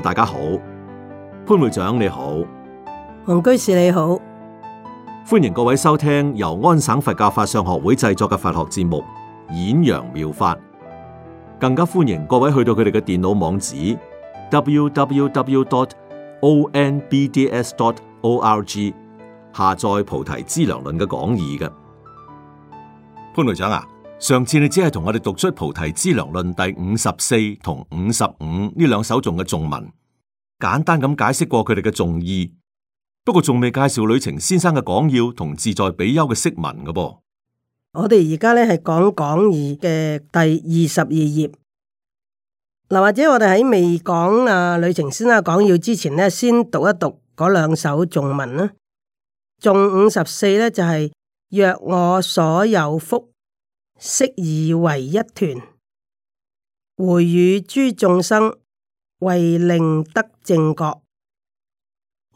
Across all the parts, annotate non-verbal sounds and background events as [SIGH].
大家好，潘會長你好，王居士你好，歡迎各位收聽由安省佛教法上學會製作嘅佛學節目《演揚妙法》，更加歡迎各位去到佢哋嘅電腦網址 www dot onbds dot org 下載《菩提資糧論》嘅講義嘅潘會長啊！上次你只係同我哋讀出《菩提資糧論》第五十四同五十五呢兩首頌嘅頌文，簡單咁解釋過佢哋嘅頌義，不過仲未介紹呂澂先生嘅講要同自在比丘嘅釋文嘅噃。我哋而家咧係講講義嘅第二十二頁，嗱或者我哋喺未講啊呂澂先生講要之前咧，先讀一讀嗰兩首頌文啦。頌五十四咧就係、是、若我所有福。釋以為一團，會與諸眾生為令得正覺。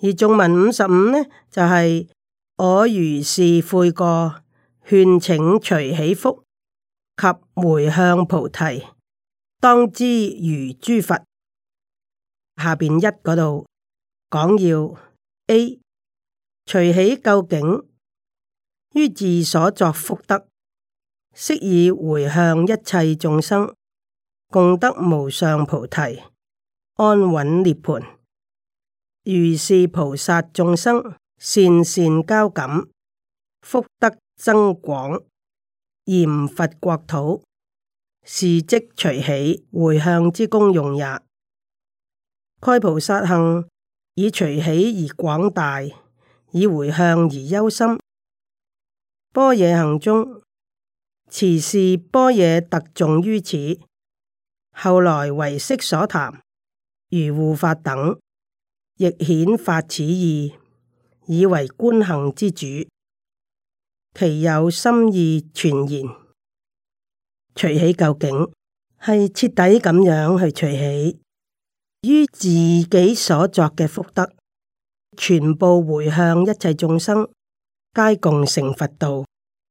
而眾文五十五呢，就係、是、我如是悔過，勸請隨喜福及回向菩提，當知如諸佛。下邊一嗰度講要 A 隨喜究竟，於自所作福德。悉以回向一切眾生，共得無上菩提，安穩涅槃。如是菩薩眾生善善交感，福德增廣，嚴佛國土，是即隨喜回向之功用也。開菩薩行以隨喜而廣大，以回向而幽深。般若行中，持是般若特重於此，後來唯識所談，如護法等，亦顯發此意，以為觀行之主。其有心意傳言，除起究竟，係徹底咁樣去除起，於自己所作嘅福德，全部回向一切眾生，皆共成佛道，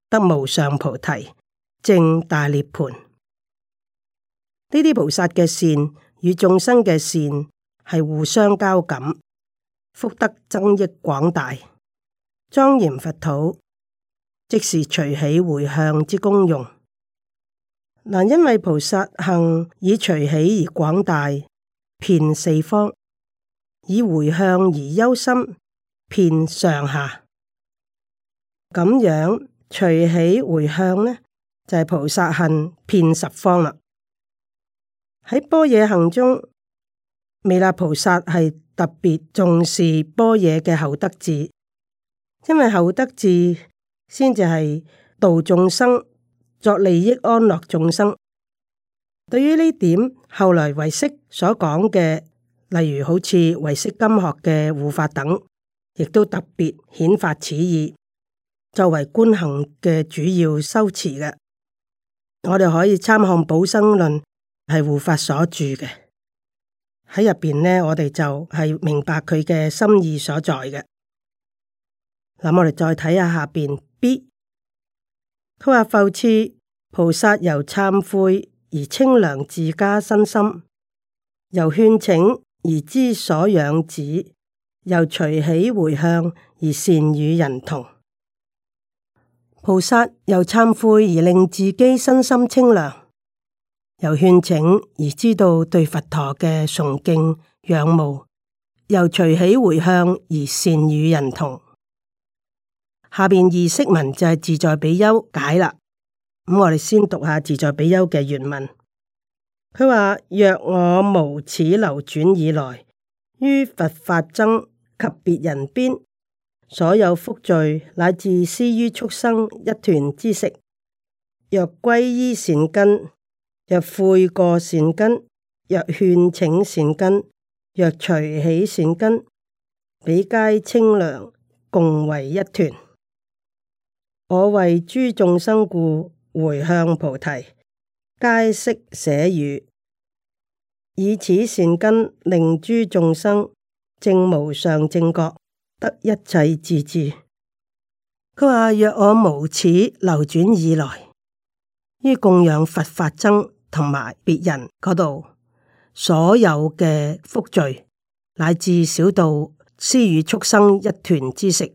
得無上菩提。正大涅槃呢啲菩薩嘅善與眾生嘅善係互相交感，福德增益廣大，莊嚴佛土，即是隨喜回向之功用。嗱，因為菩薩行以隨喜而廣大，遍四方；以回向而憂心，遍上下。咁樣隨喜回向呢？就係菩薩行遍十方喇。喺般若行中，彌勒菩薩係特別重視般若嘅後得智，因為後得智先至係度眾生作利益安樂眾生。對於呢點，後來唯識所講嘅，例如好似唯識今學嘅護法等，亦都特別顯發此意，作為觀行嘅主要修持嘅。我哋可以參看《寶生論》，係護法所住嘅，喺入邊呢，我哋就係明白佢嘅心意所在嘅。嗱、嗯，我哋再睇下下邊 B，佢話：復次菩薩由懺悔而清涼自家身心，由勸請而知所養子，由隨喜回向而善與人同。菩薩又懺悔而令自己身心清涼，又勸請而知道對佛陀嘅崇敬仰慕，又隨喜回向而善與人同。下邊二釋文就係自在比丘解啦。咁我哋先讀下自在比丘嘅原文。佢話：若我無始流轉以來，於佛法僧及別人邊。所有福聚乃至施於畜生一團之食，若皈依善根，若悔過善根，若勸請善根，若隨喜善根，彼皆清涼，共為一團。我為諸眾生故，回向菩提，皆悉捨與，以此善根令諸眾生正無上正覺。得一切自治。佢話，若我無始流轉以來，於供養佛法僧同埋別人嗰度，所有嘅福聚，乃至小道施與畜生一團之食，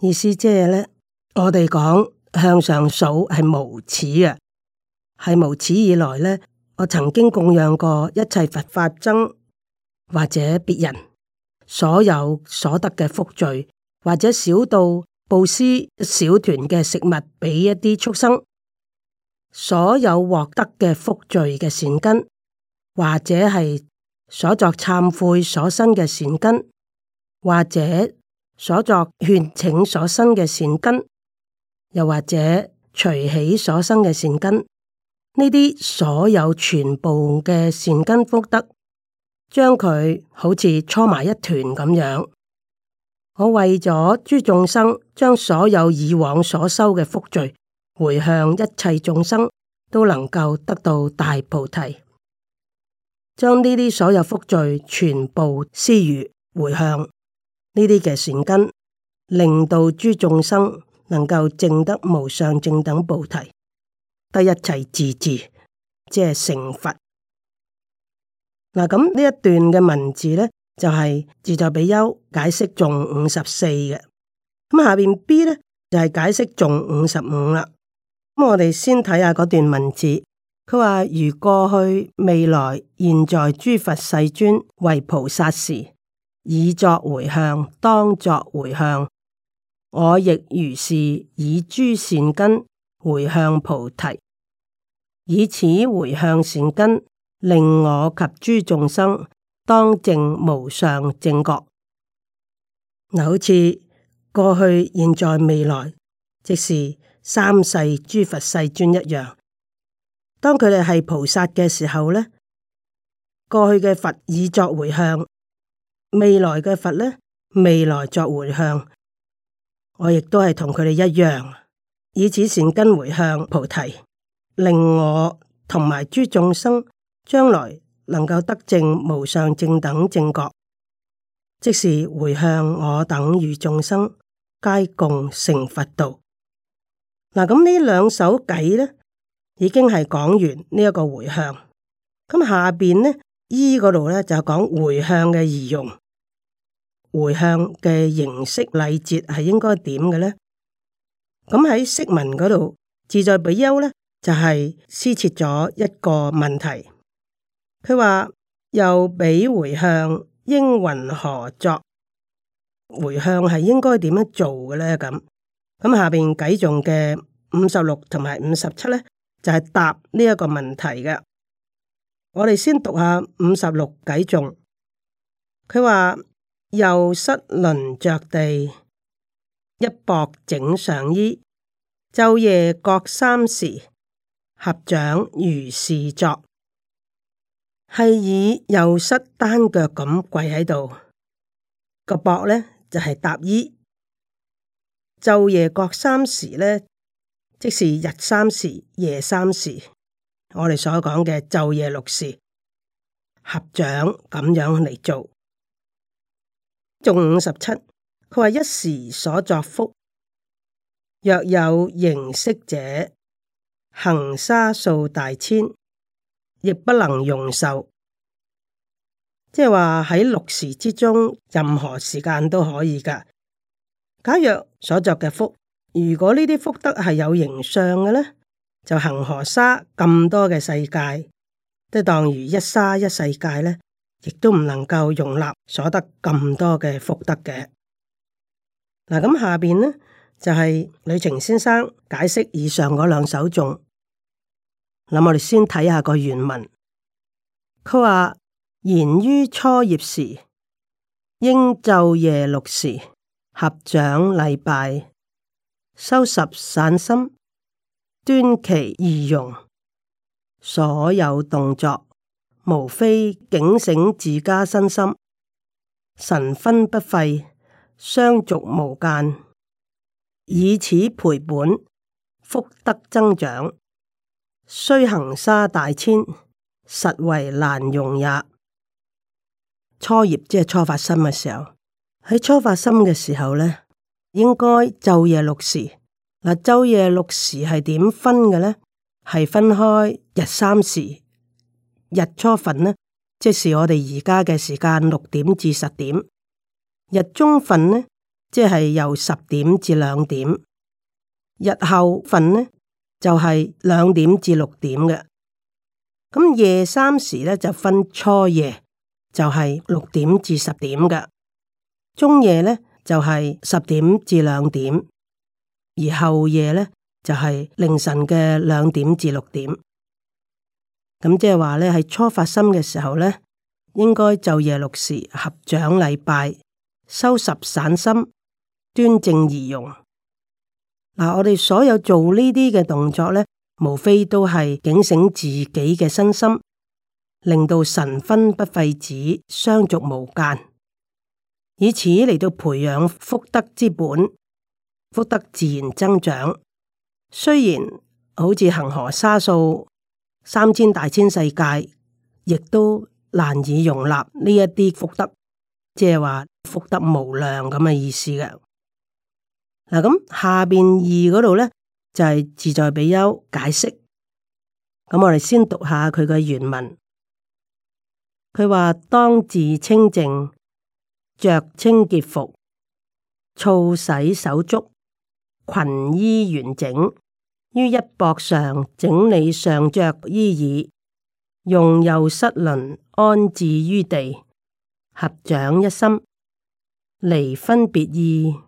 意思即係呢，我哋講向上數係無始嘅，係無始以來呢，我曾經供養過一切佛法僧或者別人。所有所得嘅福聚，或者少到布施小團嘅食物俾一啲畜生，所有獲得嘅福聚嘅善根，或者係所作懺悔所生嘅善根，或者所作勸請所生嘅善根，又或者隨喜所生嘅善根，呢啲所有全部嘅善根福德。將佢好似搓埋一團咁樣，我為咗諸眾生，將所有以往所修嘅福罪回向一切眾生都能夠得到大菩提，將呢啲所有福罪全部施與回向呢啲嘅善根，令到諸眾生能夠證得無上正等菩提，得一切智智，即係成佛。嗱，咁呢一段嘅文字咧，就係自在比丘解釋頌五十四嘅，咁下邊 B 咧就係解釋頌五十五啦。咁我哋先睇下嗰段文字，佢話如過去、未來、現在，諸佛世尊為菩薩時，以作回向，當作回向，我亦如是，以諸善根回向菩提，以此回向善根。令我及諸眾生當正無上正覺，嗱好似過去、現在、未來，即是三世諸佛世尊一樣。當佢哋係菩薩嘅時候呢，過去嘅佛以作回向，未來嘅佛呢，未來作回向，我亦都係同佢哋一樣，以此善根回向菩提，令我同埋諸眾生。將來能夠得證無上正等正覺，即是回向我等與眾生皆共成佛道。嗱，咁呢兩首偈呢，已經係講完呢一個回向。咁下邊呢，「依嗰度呢，就講回向嘅儀容、回向嘅形式、禮節係應該點嘅咧。咁喺釋文嗰度自在比丘呢，就係、是、施設咗一個問題。佢話又俾回向，應云何作回向該，係應該點樣做嘅咧？咁咁下邊偈頌嘅五十六同埋五十七咧，就係、是、答呢一個問題嘅。我哋先讀下五十六偈頌，佢話右膝輪着地，一搏整上衣，晝夜各三時，合掌如是作。係以右膝單腳咁跪喺度，個膊呢就係搭衣。晝夜各三時呢，即是日三時、夜三時，我哋所講嘅晝夜六時合掌咁樣嚟做。頌五十七，佢話一時所作福，若有形色者，恒沙數大千，亦不能容受，即係話喺六時之中，任何時間都可以噶假若所作嘅福，如果呢啲福德係有形象嘅呢，就恒河沙咁多嘅世界，都當如一沙一世界呢，亦都唔能夠容納所得咁多嘅福德嘅。嗱、啊，咁下邊呢，就係、是、呂澂先生解釋以上嗰兩首頌。咁我哋先睇下個原文。佢話：言於初業時，應晝夜六時合掌禮拜，收拾散心，端其儀容，所有動作，無非警醒自家身心，神分不廢，相續無間，以此陪伴，福德增長。雖行沙大千，實為難容也。初業即係初發生嘅時候，喺初發生嘅時候呢，應該晝夜六時。嗱，晝夜六時係點分嘅呢？係分開日三時，日初份呢，即係我哋而家嘅時間六點至十點；日中份呢，即係由十點至兩點；日後份呢？就係兩點至六點嘅，咁夜三時呢，就分初夜，就係、是、六點至十點嘅，中夜呢，就係、是、十點至兩點，而後夜呢，就係、是、凌晨嘅兩點至六點。咁即係話呢，係初發心嘅時候呢，應該就夜六時合掌禮拜，收拾散心，端正儀容。嗱，我哋所有做呢啲嘅動作咧，無非都係警醒自己嘅身心，令到神分不廢子，相續無間，以此嚟到培養福德之本，福德自然增長。雖然好似恆河沙數、三千大千世界，亦都難以容納呢一啲福德，即係話福德無量咁嘅意思嘅。嗱，咁下邊二嗰度咧，就係自在比丘解釋。咁我哋先讀下佢嘅原文。佢話，當自清淨，着清潔服，澡洗手足，群衣完整，於一膊上整理上着衣耳。用右膝輪安置於地，合掌一心，離分別意。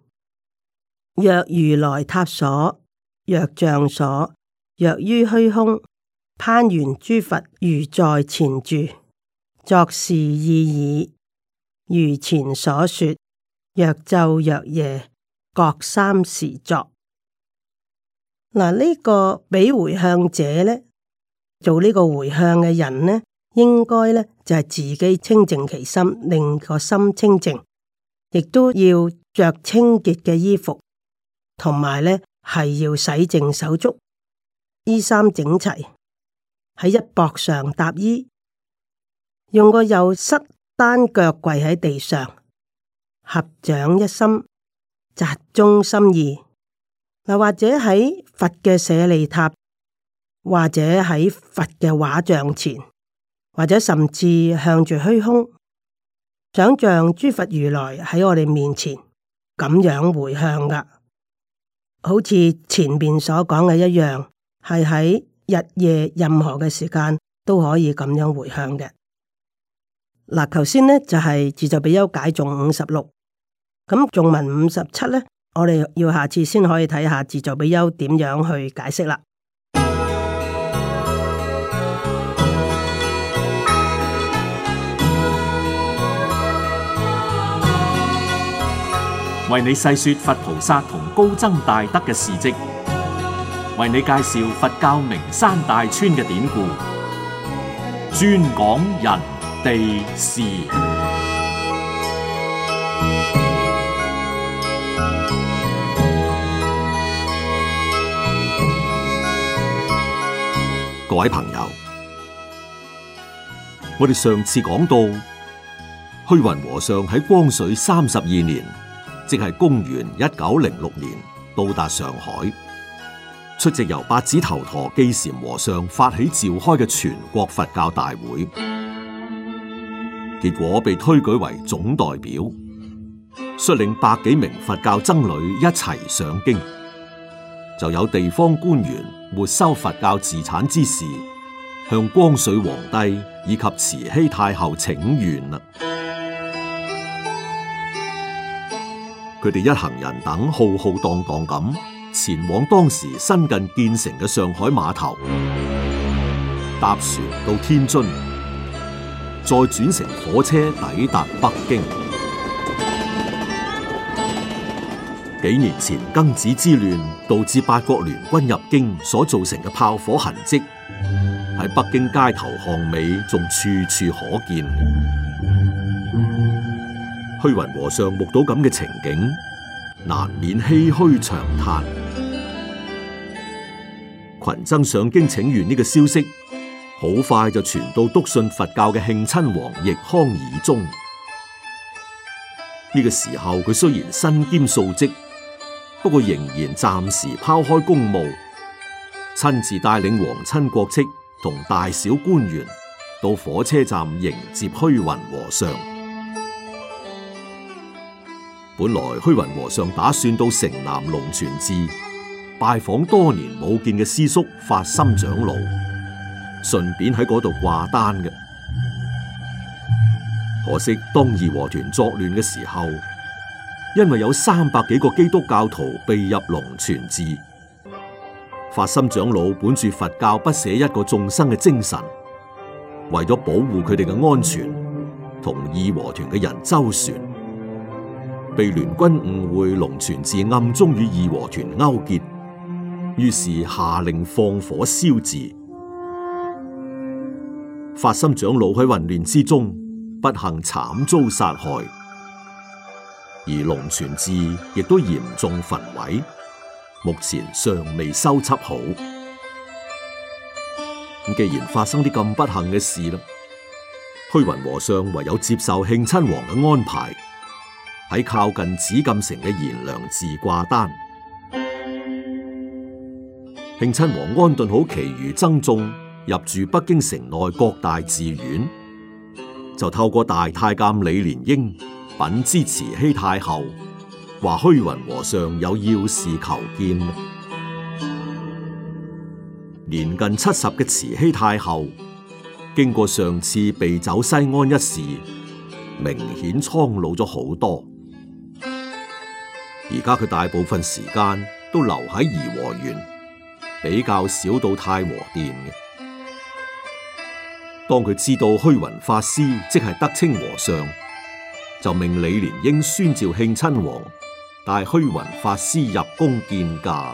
若如來塔所，若像所，若於虛空攀緣諸佛如在前住作事意耳。如前所說，若晝若夜，各三時作。嗱，呢、這個畀回向者呢，做呢個回向嘅人呢，應該呢就係、是、自己清淨其心，令個心清淨，亦都要着清潔嘅衣服。同埋咧，係要洗淨手足，衣衫整齊，喺一膊上搭衣，用個右膝單腳跪喺地上，合掌一心，集中心意。又或者喺佛嘅舍利塔，或者喺佛嘅畫像前，或者甚至向住虛空，想象諸佛如來喺我哋面前咁樣回向噶。好似前面所講嘅一樣，係喺日夜任何嘅時間都可以咁樣回向嘅。嗱、啊，頭先呢就係自在比丘解頌五十六，咁、嗯、頌文五十七呢，我哋要下次先可以睇下自在比丘點樣去解釋啦。為你細說佛菩薩同。高僧大德嘅事蹟，為你介紹佛教名山大川嘅典故，專講人地事。各位朋友，我哋上次講到虛雲和尚喺光緒三十二年。即係公元一九零六年到達上海，出席由八指頭陀、基禪和尚發起召開嘅全國佛教大會，結果被推舉為總代表，率領百幾名佛教僧侶一齊上京，就有地方官員沒收佛教資產之事，向光緒皇帝以及慈禧太后請願佢哋一行人等浩浩蕩蕩咁前往當時新近建成嘅上海碼頭，搭船到天津，再轉乘火車抵達北京。幾年前庚子之亂導致八國聯軍入京所造成嘅炮火痕跡，喺北京街頭巷尾仲處處可見。虛雲和尚目睹咁嘅情景，難免唏嘘長嘆。群僧上京請願呢個消息，好快就傳到篤信佛教嘅慶親王奕劻耳中。呢、這個時候，佢雖然身兼數職，不過仍然暫時拋開公務，親自帶領皇親國戚同大小官員到火車站迎接虛雲和尚。本來虛雲和尚打算到城南龍泉寺拜訪多年冇見嘅師叔法心長老，順便喺嗰度掛單嘅。可惜當義和團作亂嘅時候，因為有三百幾個基督教徒避入龍泉寺，法心長老本住佛教不捨一個眾生嘅精神，為咗保護佢哋嘅安全，同義和團嘅人周旋，被聯軍誤會龍泉寺暗中與義和團勾結，於是下令放火燒寺。法心長老喺混亂之中不幸慘遭殺害，而龍泉寺亦都嚴重焚毀，目前尚未收葺好。咁既然發生啲咁不幸嘅事啦，虛雲和尚唯有接受慶親王嘅安排。喺靠近紫禁城嘅賢良寺掛單，慶親王安頓好其餘僧眾入住北京城內各大寺院，就透過大太監李蓮英稟知慈禧太后，話虛雲和尚有要事求見。年近七十嘅慈禧太后，經過上次避走西安一事，明顯蒼老咗好多。而家佢大部分時間都留喺頤和園，比較少到太和殿嘅。當佢知道虛雲法師即係德清和尚，就命李蓮英宣召慶親王帶虛雲法師入宮見駕。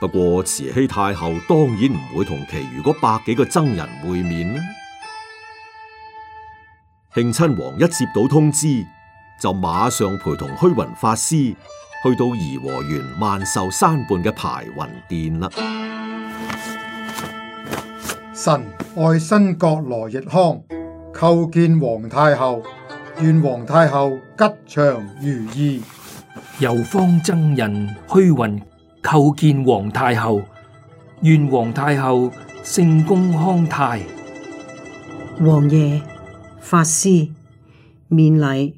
不過慈禧太后當然唔會同其餘嗰百幾個僧人會面啦。慶親王一接到通知，就馬上陪同虛雲法師去到頤和園萬壽山畔嘅排雲殿啦。臣愛新覺羅奕康叩見皇太后，願皇太后，皇太后吉祥如意。遊方僧人虛雲叩見皇太后，願皇太后聖躬康泰。王爺，法師，免禮。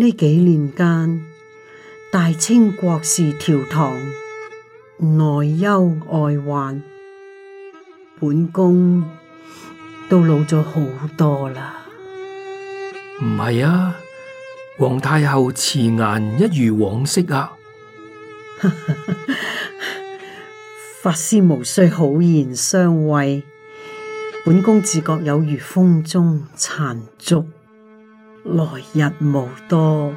呢幾年間，大清國事蜩螗，內憂外患，本宮都老咗好多啦。唔係啊，皇太后慈顏一如往昔啊。 [LAUGHS] 法師無需好言相慰，本宮自覺有如風中殘燭。來日無多,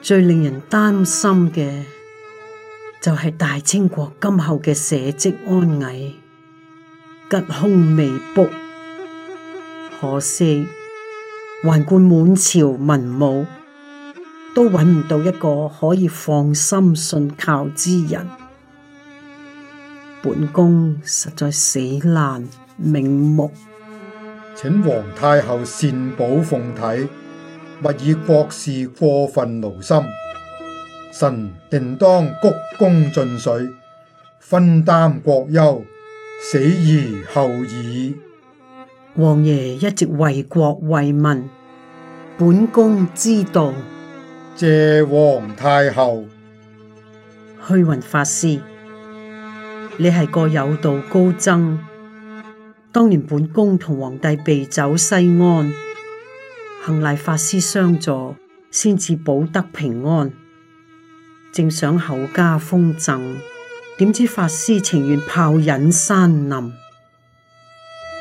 最令人擔心嘅,就係大清國今後嘅社稷安危,吉凶未卜,可惜,請皇太后善保鳳體，勿以國事過分勞心。臣定當鞠躬盡瘁，分擔國憂，死而後已。王爺一直為國為民，本宮知道。謝皇太后，虛雲法師，你係個有道高僧。當年本宮同皇帝避走西安，幸賴法師相助，先至保得平安。正想厚加封贈，點知法師情願拋隱山林。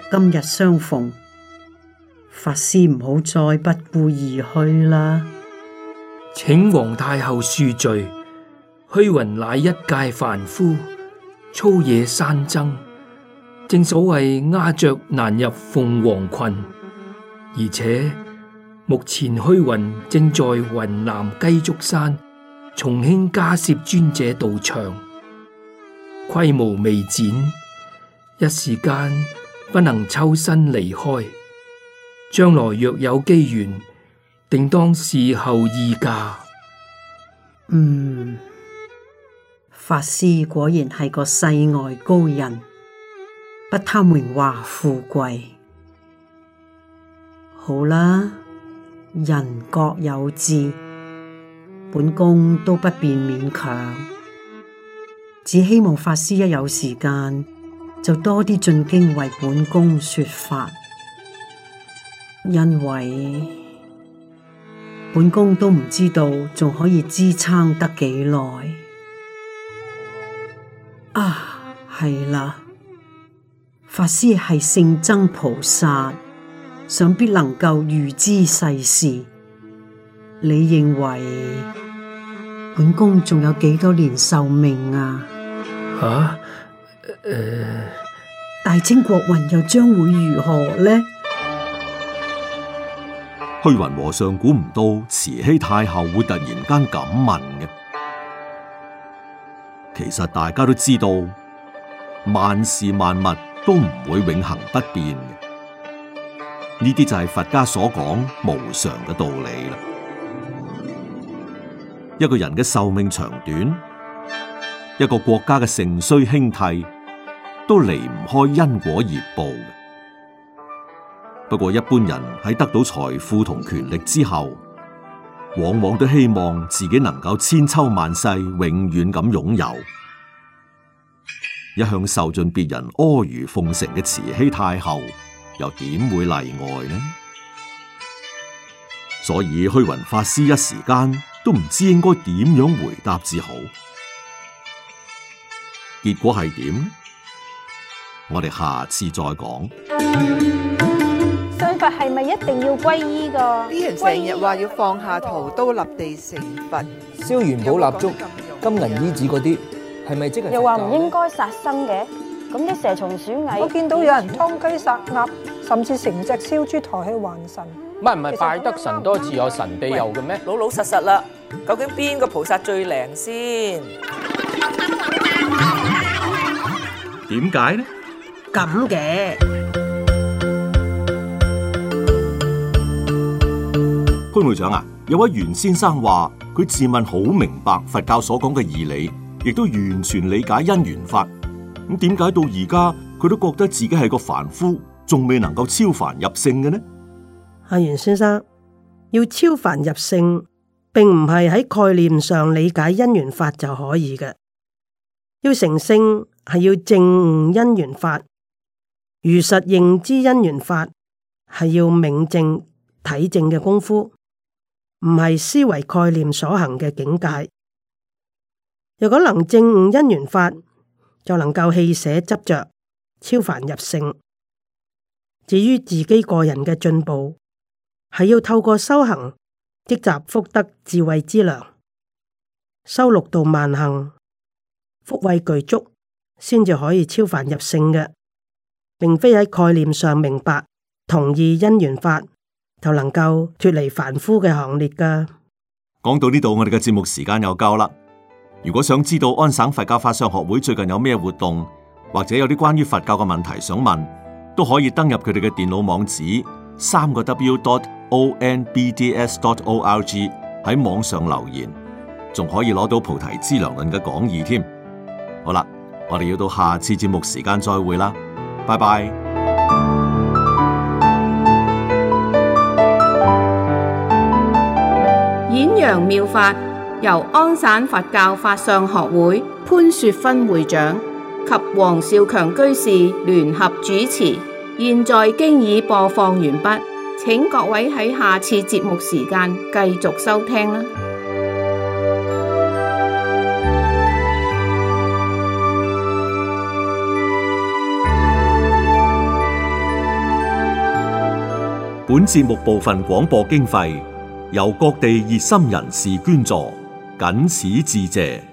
今日相逢，法師唔好再不顧而去啦！請皇太后恕罪，虛雲乃一介凡夫，粗野山僧。正所謂鴉雀難入鳳凰群，而且目前虛雲正在雲南雞足山重興迦葉尊者道場，規模未展，一時間不能抽身離開。將來若有機緣，定當事後議價。嗯，法師果然係個世外高人。不貪榮華富貴好啦，人各有志，本宮都不便勉強，只希望法師一有時間就多啲進經為本宮說法，因為本宮都唔知道仲可以支撐得幾耐啊，係啦。法師係聖僧菩薩，想必能夠預知世事。你認為本宮仲有幾多年壽命啊？吓？誒，大清國運又將會如何呢？虛雲和尚估唔到慈禧太后會突然間咁問嘅。其實大家都知道，萬事萬物。都唔會永恒不變嘅，呢啲就係佛家所講無常嘅道理啦。一個人嘅壽命長短，一個國家嘅盛衰興替，都離唔開因果業報。不過一般人喺得到財富同權力之後，往往都希望自己能夠千秋萬世永遠咁擁有。一向受盡別人阿諛奉承嘅慈禧太后，又點會例外呢？所以虛雲法師一時間都唔知應該點樣回答至好。結果係點？我哋下次再講。信佛係咪一定要皈依㗎？啲人成日話要放下屠刀立地成佛，燒元寶蠟燭、金銀衣紙嗰啲。醫係咪即又話唔應該殺生嘅，咁啲蛇蟲鼠蟻，我見到有人湯雞殺鴨，甚至成隻燒豬抬去還神，唔係唔係拜得神多自有神庇佑嘅咩？老老實實啦，究竟邊個菩薩最靈先？點解呢？咁嘅潘會長啊，有位袁先生話佢自問好明白佛教所講嘅義理。亦都完全理解因緣法，咁點解到而家佢都覺得自己係個凡夫，仲未能夠超凡入聖嘅呢？阿袁先生，要超凡入聖，並唔係喺概念上理解因緣法就可以嘅。要成聖係要證悟因緣法，如實認知因緣法係要明證體證嘅功夫，唔係思維概念所行嘅境界。如果能正悟因緣法，就能夠棄捨執着，超凡入聖。至於自己個人嘅進步，係要透過修行積集福德智慧之糧，修六度萬行，福慧具足，先至可以超凡入聖嘅，並非喺概念上明白同意因緣法就能夠脱離凡夫嘅行列噶。講到呢度，我哋嘅節目時間又夠啦。如果想知道安省佛教法相學會最近有咩活動，或者有啲關於佛教嘅問題想問，都可以登入佢哋嘅電腦網址，三個 w.dot.o.n.b.d.s.dot.o.r.g，喺網上留言，仲可以攞到《菩提資糧論》嘅講義添。好啦，我哋要到下次節目時間再會啦，拜拜。演揚妙法。由安省佛教法相學會潘雪芬會長及黃少強居士聯合主持，現在經已播放完畢，請各位喺下次節目時間繼續收聽啦。本節目部分廣播經費由各地熱心人士捐助。僅此致謝。